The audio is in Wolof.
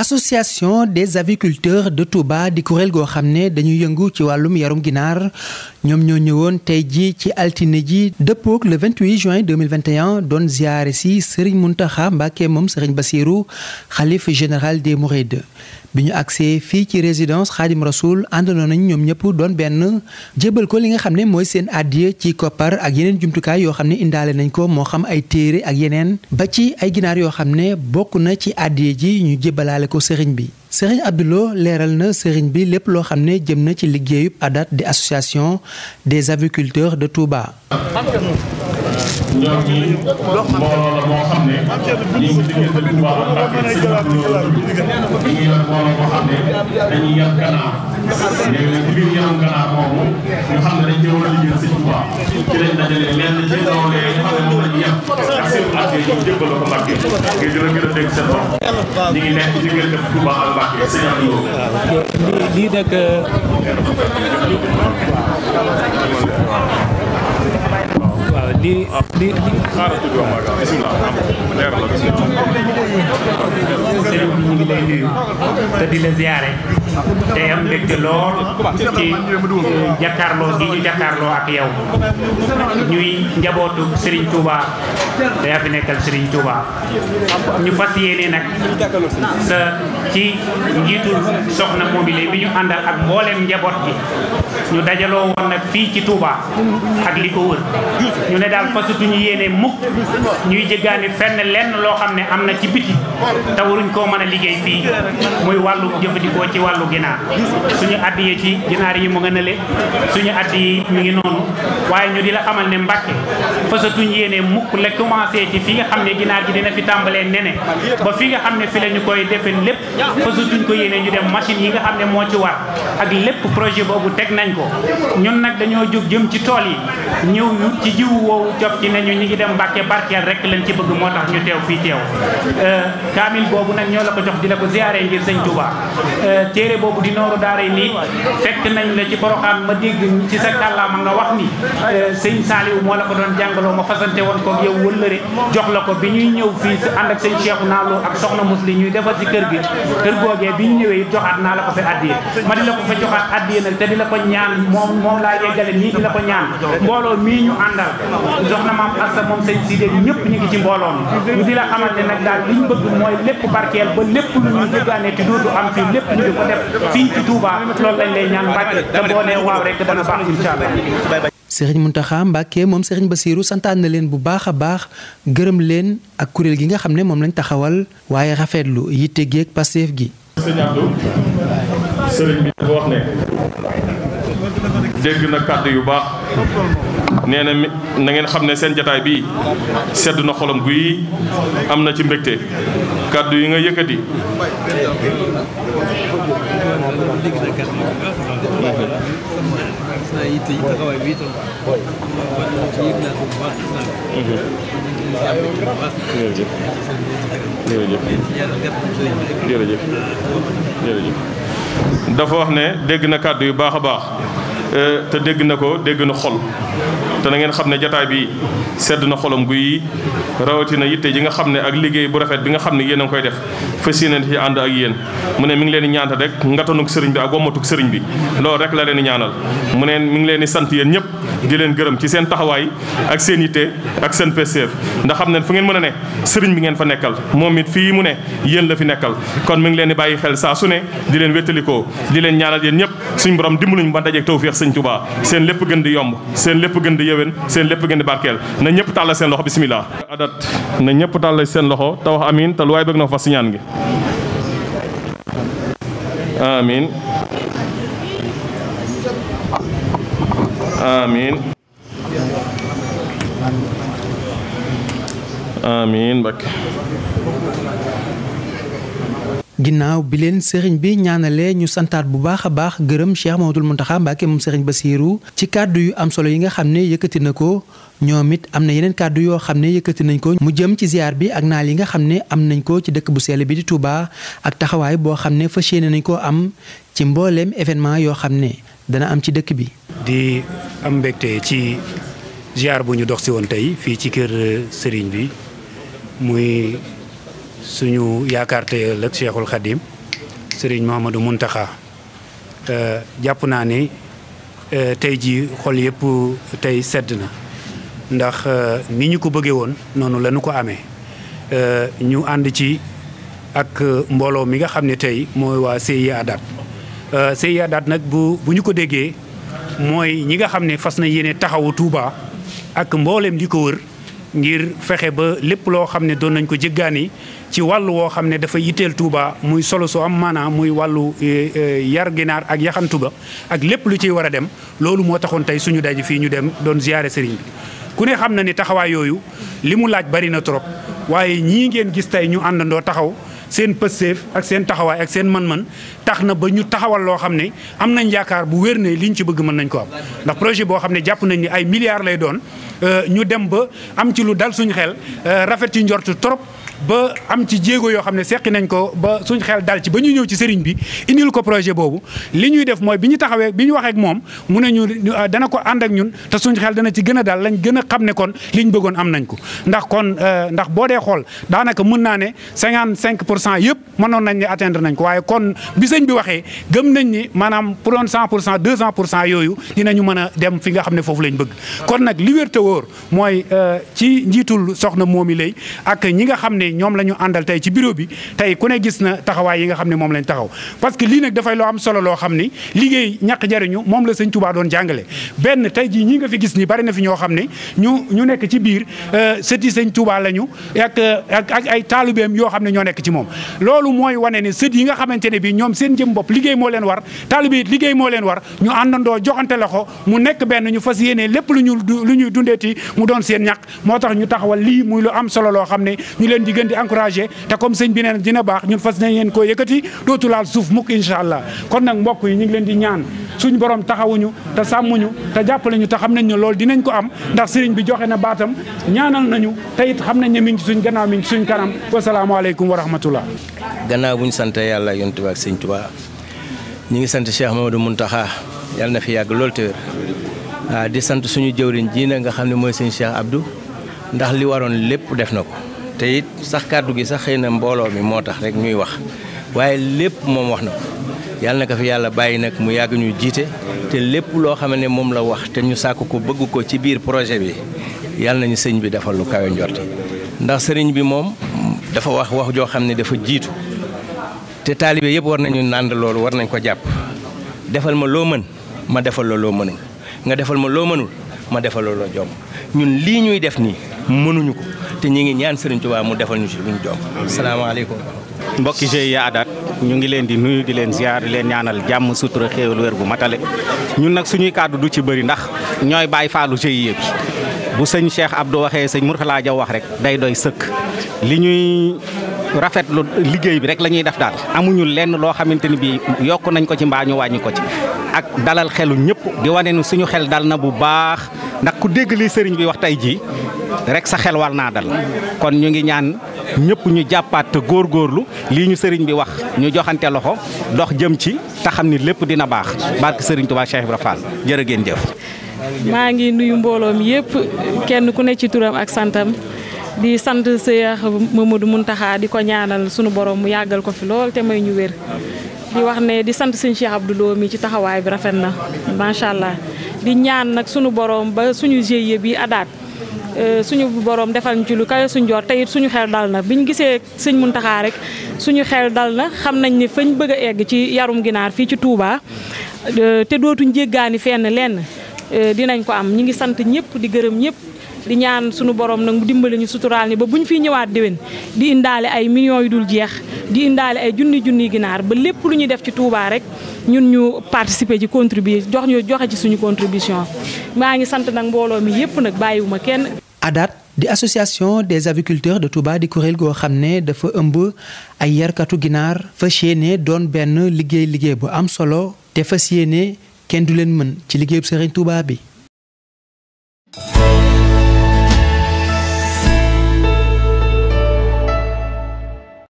association des aviculteurs de Touba di kuréel goo xam ne dañuy yëngu ci wàllum yarum ginaar ñoom ñoo ñëwoon tey ji ci altine ji dëppook le 28 juin 2021 doon ziare si Serigne Mountakha Mbacké moom Serigne Bassirou xalif général des Mourides bi ñu agsee fii ci résidence Xaadim Rasoul àndandoo nañ ñoom ñëpp doon benn jébal ko li nga xam ne mooy seen àddiya ci koppar ak yeneen jumtukaay yoo xam ne indaale nañ ko moo xam ay téere ak yeneen ba ci ay ginaar yoo xam ne bokk na ci àddiya ji ñu jébalaale ko sëriñ bi sëriñ Abdoulou leeral na sëriñ bi lépp loo xam ne jëm na ci liggéeyub adat di association des aviculteurs de Touba. ñu jébbal ko Mbàkke ngir gën a gën a dégg seen bopp ñu ngi nekk ci diggante Touba ak Mbàkke sëñ Abdou Lo lii lii nag di di di. xaaral tuuti wax nga bisimilah bi te am mbégte lool ci jàkkaarloo gi ñu jàkkaarloo ak yow ñuy njabootu Serigne Touba te fi nekkal Serigne Touba ñu fas yéene nag sa ci njiitul soxna moom bi ñu àndal ak mboolem njaboot gi. ñu dajaloo woon nag fii ci Touba ak li ko wër ñu ne daal fasatuñu yéene mukk ñuy jéggaani fenn lenn loo xam ne am na ci biti te waruñ koo mën a liggéey fii muy wàllu jëfandikoo ci wàllu ginaar suñu àdd yi ci ginaar yi mu nga suñu àdd yi mu ngi noonu waaye ñu di la amal ne Mbàkke fasatuñu yéene mukk la commencé ci fi nga xam ne ginaar gi dina fi tàmbalee nene ba fi nga xam ne fi la ñu koy defee lépp fasatuñ ko yéene ñu dem machine yi nga xam ne moo ci war ak lépp projet boobu teg nañ làmboo ñun nag dañoo jóg jëm ci tool yi ñëw ñu ci jiw woowu jof ci ne ñu ñu ngi dem Mbàkke barkeel rek lañ ci bëgg moo tax ñu teew fii teew euh, kaamil boobu nag ñoo la ko jox di la ko ziyaare ngir sëñ Touba euh, téere boobu di nooru daara yi nii fekk nañ la ci boroxaan ma dégg ci sa kàllaama nga wax ni euh, sëñ Saaliw moo la ko doon jàngaloo ma fasante woon ko yow wëllëre jox la ko bi ñuy ñëw fii si ànd ak sëñ Cheikh Naalu ak soxna Musli ñuy defal ci kër gi kër googee bi ñu ñëwee joxaat la ko fi addiye ñaan moom moom yeggale nii di la ko ñaan mbooloo mii ñu àndal jox na maam Asta moom sëñ Sidé ñëpp ñu ngi ci mbooloo mi ñu di la xamal ne nag daal liñ bëgg mooy lépp barkeel ba lépp lu ñu jëggaane am fii lépp ñu ko def fii ci Touba loolu lañ lay ñaan Mbàkke te boo sëriñ Mountakha Mbacké moom santaan na leen bu baax a baax gërëm leen ak kuréel gi nga xam ne moom lañ taxawal waaye rafetlu yitte gi ak passeef gi dégg na kàddu yu baax nee na na xam ne seen jataay bii sedd na xolam guy am na ci mbégte kàddu yi nga yëkkati dafa wax ne dégg na kàddu yu baax a baax euh, te dégg na ko dégg na xol te na ngeen xam ne jataay bi sedd na xolam guy rawatina yitte ji nga xam ne ak liggéey bu rafet bi nga xam ne yéen a ngi koy def fas yéene ci ànd ak yéen mu ne mu ngi leen di ñaanal rek ngatanuk sëriñ bi ak wommatuk sëriñ bi loolu rek la leen di ñaanal mu ne mu ngi leen di sant yéen ñëpp di leen gërëm ci seen taxawaay ak seen yitte ak seen PCF ndax xam ne fu ngeen mën a ne sëriñ bi ngeen fa nekkal moom it fii mu ne yéen la fi nekkal kon mu ngi leen di bàyyi xel saa su ne di leen wéttalikoo di leen ñaanal yéen ñëpp suñu borom dimbaluñ ba dajeeg tawfeex sëñ Tuubaa seen lépp gën di yomb seen lépp gën di yëwén seen lépp gën di barkeel na ñëpp tàllal seen loxo bismillah adat na ñëpp tàllal seen loxo te wax amin te lu waay bëgg na fa si gi amiin amiin ginnaaw bi leen sëriñ bi ñaanalee ñu santaat bu baax a baax gërëm Cheikh Mamadou Mountakha Mbacke moom sëriñ Bassirou ci kàddu yu am solo yi nga xam ne yëkkati na ko ñoom it am na yeneen kàddu yoo xam ne yëkkati nañ ko mu jëm ci ziar bi ak naa li nga xam ne am nañ ko ci dëkk bu sell bi di Touba ak taxawaay boo xam ne fas yéene nañ koo am ci mbooleem événement yoo xam ne. dana am ci dëkk bi. di am mbégte ci ziar bu ñu dox si woon tey fii ci kër euh, sëriñ bi muy suñu yaakaar te ëllëg Cheikhul Khadim sëriñ Mouhamadou Mountakha euh, jàpp naa ne euh, tey ji xol yëpp tey sedd na ndax ni ñu ko bëggee woon noonu la ko amee ñu ànd ci ak mbooloo mi nga xam ne tey mooy waa CIADAT. Seydaat euh, nag bu bu ñu ko déggee mooy ñi nga xam ne fas na yéene taxawu tuubaa ak mboolem di ko wër ngir fexe ba lépp loo xam ne doon nañ ko jéggaani ci wàll woo xam ne dafa yitteel Touba muy solo su am maanaa muy wàllu euh, euh, yar ginaar ak yaxantu ba ak lépp lu ciy war a dem loolu moo taxoon tey suñu daj fii ñu dem doon ziare sëriñ bi. ku ne xam na ni taxawaay yooyu li mu laaj bari na trop waaye ñii ngeen gis tey ñu àndandoo taxaw. seen pësteef ak seen taxawaay ak seen man man tax na ba ñu taxawal loo xam ne am nañ yaakaar bu wér li liñ ci bëgg mën nañ ko am ndax projet boo xam ne jàpp nañ ni ay milliards lay doon euh, ñu dem ba am ci lu dal suñu xel euh, rafet ci njort trop ba am ci jéego yoo xam ne seqi nañ ko ba suñ xel dal ci ba ñu ñëw ci sëriñ bi indil ko projet boobu li ñuy def mooy bi ñu taxawee bi ñu waxee ak moom mu ne ñu euh, dana ko ànd ak ñun te suñ xel dana ci gën a dal lañ gën a xam ne kon li ñu bëggoon am nañ ko ndax kon euh, ndax boo dee xool daanaka mën naa ne 55 pour cent yëpp mënoon nañ ne atteindre nañ ko waaye kon bi sëñ bi waxee gëm nañ ni maanaam pour doon 100 pour cent 200 pour cent yooyu dinañu mën a dem fi nga xam ne foofu lañ bëgg kon nag li wér te mooy euh, ci njiitul soxna moomi lay ak ñi nga xam ne ne ñoom la ñu àndal ci bureau bi ku ne gis na taxawaay yi nga xam ne moom lañ taxaw parce lii nag dafay loo am solo xam ni liggéey ñàkk jariñu moom la sëñ Touba doon jàngale benn tey jii ñi nga fi gis ni bari na fi ñoo xam ne ñu nekk ci euh, euh, yoo xam ne ñoo nekk ci moom loolu mooy wane ne sët yi nga xamante ne bi ñoom seen jëm bopp liggéey moo leen war taalibe it liggéey moo leen war ñu àndandoo joxante loxo mu nekk benn ñu fas yéene lépp lu ñu lu ñuy mu doon seen gën di encouragé te comme sëñ bi dina baax ñun fas nañ leen koo yëkkati dootu laal suuf mukk incha allah kon nag mbokk yi ñu ngi leen di ñaan suñu borom taxawuñu te sàmmuñu te jàppale ñu te xam nañ ne loolu dinañ ko am ndax sëriñ bi joxe na baatam ñaanal nañu te xam nañ ne mi ngi ci suñ gannaaw mi ngi ci suñ kanam wasalaamaaleykum wa rahmatullah gannaaw bu ñu sant yàlla yonent bi ak sëñ Tuubaa ñu ngi sant Cheikh Mamadou taxaa yàlla na fi yàgg lool te ah, di sant suñu jëwriñ ji na nga xam ne mooy sëñ Cheikh Abdou ndax li waroon lépp def na ko te it sax kàddu gi sax xëy na mbooloo mi moo tax rek ñuy wax waaye lépp moom wax na ko yàlla na ko fi yàlla bàyyi nag mu yàgg ñu jiite te lépp loo xam ne moom la wax te ñu sàkk ko bëgg ko ci biir projet bi yàlla nañu sëñ bi defal lu kawe njorte ndax sëriñ bi moom dafa wax wax joo xam ne dafa jiitu te taalibe yëpp war nañu nànd loolu war nañ ko jàpp defal ma loo mën ma defal la loo mënul nga defal ma loo mënul ma defal la loo jom ñun lii ñuy def nii ko te ñu ngi ñaan Serigne Touba mu defal ñu si luñ jox. asalaamaaleykum. mbokki GIE Adat ñu ngi leen di nuyu di leen ziar di leen ñaanal jàmm sutura xéewal wér gu matale ñun nag suñuy kàddu du ci bëri ndax ñooy bàyyi faalu GIE bi bu sëñ Cheikh Abdou waxee sëñ Mourtala Jaw wax rek day doy sëkk li ñuy rafetlu liggéey bi rek la ñuy def daal amuñu lenn loo xamante ni bii yokk nañ ko ci mbaañu ñu wàññi ko ci ak dalal xelu ñëpp di wane ni suñu xel dal na bu baax ndax ku dégg sëriñ bi wax tey jii rek sa xel war naa dal kon ñu ngi ñaan ñëpp ñu jàppaat te góorgóorlu lii ñu sëriñ bi wax ñu joxante loxo dox jëm ci taxam xam ni lépp dina baax barke sëriñ Tuubaa Cheikh Ibra Fall jërë ngeen jëf. maa ngi nuyu mbooloom yëpp kenn ku ne ci turam ak santam di sant Cheikh mun taxaa di ko ñaanal sunu borom mu yàggal ko fi lool te may ñu wér. di wax ne di sant suñu Cheikh Abdoulou mi ci taxawaay bi rafet na macha allah di ñaan nag sunu borom ba suñu GIE bi adaat. Euh, suñu borom defal ñu ci lu kawe suñu joor teyit suñu xel dal na bi ñu gisee sëñ Muntaxa rek suñu xel dal na xam nañ ni fañ bëgg a egg ci yarum ginaar fii ci Touba euh, te dootuñ jéggaani fenn lenn Eh, dinañ ko am ñi ngi sant ñëpp di gërëm ñëpp di ñaan suñu borom nag mu dimbali ñu suturaal ni ba ñu fiy ñëwaat déwén di indaale ay millions yu dul jeex di indaale ay junni junni ginaar ba lépp lu ñuy def ci Touba rek ñun ñu participer ci contribuer jox ñu joxe ci suñu contribution maa ngi sant nag mbooloo mi yëpp nag bàyyiwuma kenn. ADAT di association des aviculteurs de Touba di kuréel goo xam ne dafa ëmb ay yarkatu ginaar fas yéene doon benn liggéey liggéey bu am solo te fas yéene kenn du leen mën ci liggéeyub Serigne Touba bi